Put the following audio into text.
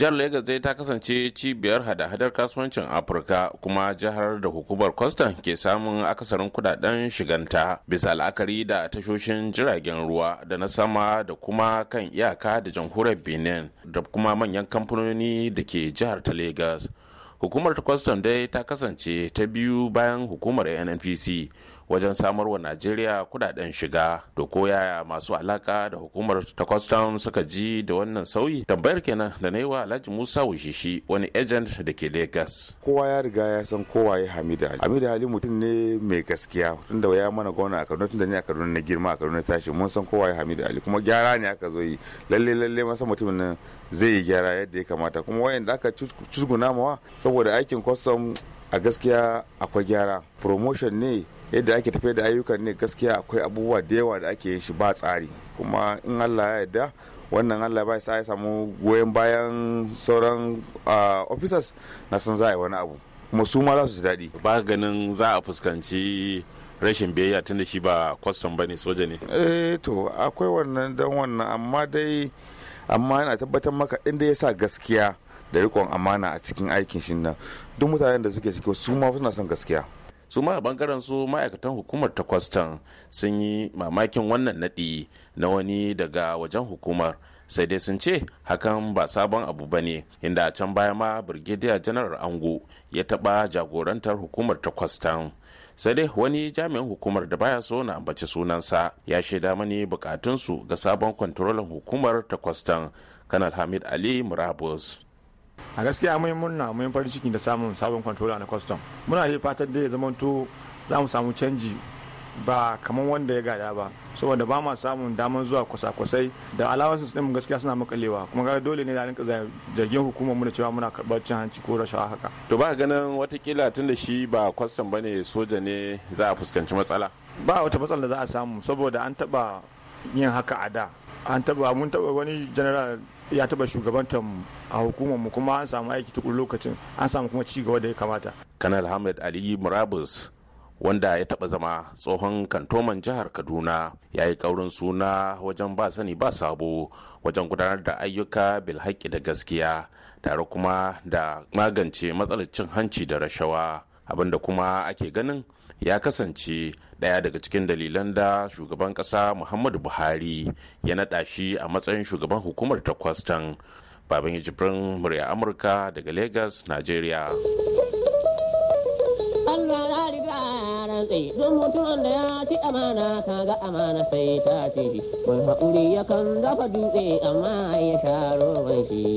jihar lagos dai ta kasance cibiyar hada-hadar kasuwancin afirka kuma jihar da hukumar kwastam ke samun akasarin kudaden shiganta bisa la'akari da tashoshin jiragen ruwa da na sama da kuma kan iyaka da jamhuriyar benin da kuma manyan kamfanoni da ke jihar ta lagos hukumar kwastam dai ta kasance ta biyu bayan hukumar nnpc wajen samarwa najeriya kudaden shiga da ko yaya masu alaka da hukumar ta kwastam suka ji da wannan sauyi tambayar kenan da na yi wa alhaji musa wushishi wani agent da ke lagos kowa ya riga ya san kowa ya hamida ali hamida ali mutum ne mai gaskiya tun da ya mana gwamna a kaduna tun da ni a kaduna na girma a kaduna tashi mun san kowa ya hamida ali kuma gyara ne aka zo yi lalle lalle masa mutumin nan zai yi gyara yadda ya kamata kuma wayan da aka cusguna mawa saboda aikin kwastam a gaskiya akwai gyara promotion ne yadda ake tafiya da ayyukan ne gaskiya akwai abubuwa da yawa da ake yin shi ba tsari kuma in allah ya yarda wannan allah ba sa ya samu goyon bayan sauran officers na san za a yi wani abu kuma su ma za su ji daɗi ba ganin za a fuskanci rashin biyayya tun da shi ba kwastam ba ne soja ne eh to akwai wannan dan wannan amma dai amma yana tabbatar maka inda ya sa gaskiya da rikon amana a cikin aikin shi nan duk mutanen da suke ciki su ma suna son gaskiya su ma a bangaren su ma'aikatan hukumar ta kwastan sun yi mamakin wannan naɗi na wani daga wajen hukumar sai dai sun ce hakan ba sabon abu ba ne inda a can baya ma birgidiya janar ango ya taɓa jagorantar hukumar ta kwastan sai dai wani jami'in hukumar da baya so na ambaci sunansa ya shaida mani bukatunsu ga sabon kwantarolin hukumar ta kwastan kanal hamid ali murabus a gaskiya mun murna mun farin ciki da samun sabon controller na custom muna da fatan da ya to za mu samu canji ba kamar wanda ya gada ba saboda ba ma samun damar zuwa kwasa-kwasai da allowances din gaskiya suna makalewa kuma ga dole ne da rinka zargin hukumar mu da cewa muna karɓar cin hanci ko rashawa haka to ba ganin watakila tun da shi ba kwastam bane soja ne za a fuskanci matsala ba wata matsala da za a samu saboda an taɓa yin haka a da an taba mun taba wani general ya taba shugabantar a hukumar mu kuma an samu aiki tukun lokacin an samu kuma ci gaba da ya kamata kanal hamid ali murabus wanda ya taba zama tsohon kantoman jihar kaduna ya yi kaurin suna wajen ba sani ba sabo wajen gudanar da ayyuka bilhaƙi da gaskiya tare kuma da magance matsalar cin hanci da rashawa abinda kuma ake ganin ya kasance ɗaya daga cikin dalilan da shugaban ƙasa muhammadu buhari ya naɗa shi a matsayin shugaban hukumar ta kwastan baban jibrin murya amurka daga lagos nigeria Allah na riga rantse don mutum da ya ci amana kaga amana sai ta ce shi, haƙuri yakan dafa dutse amma ya sha roban shi.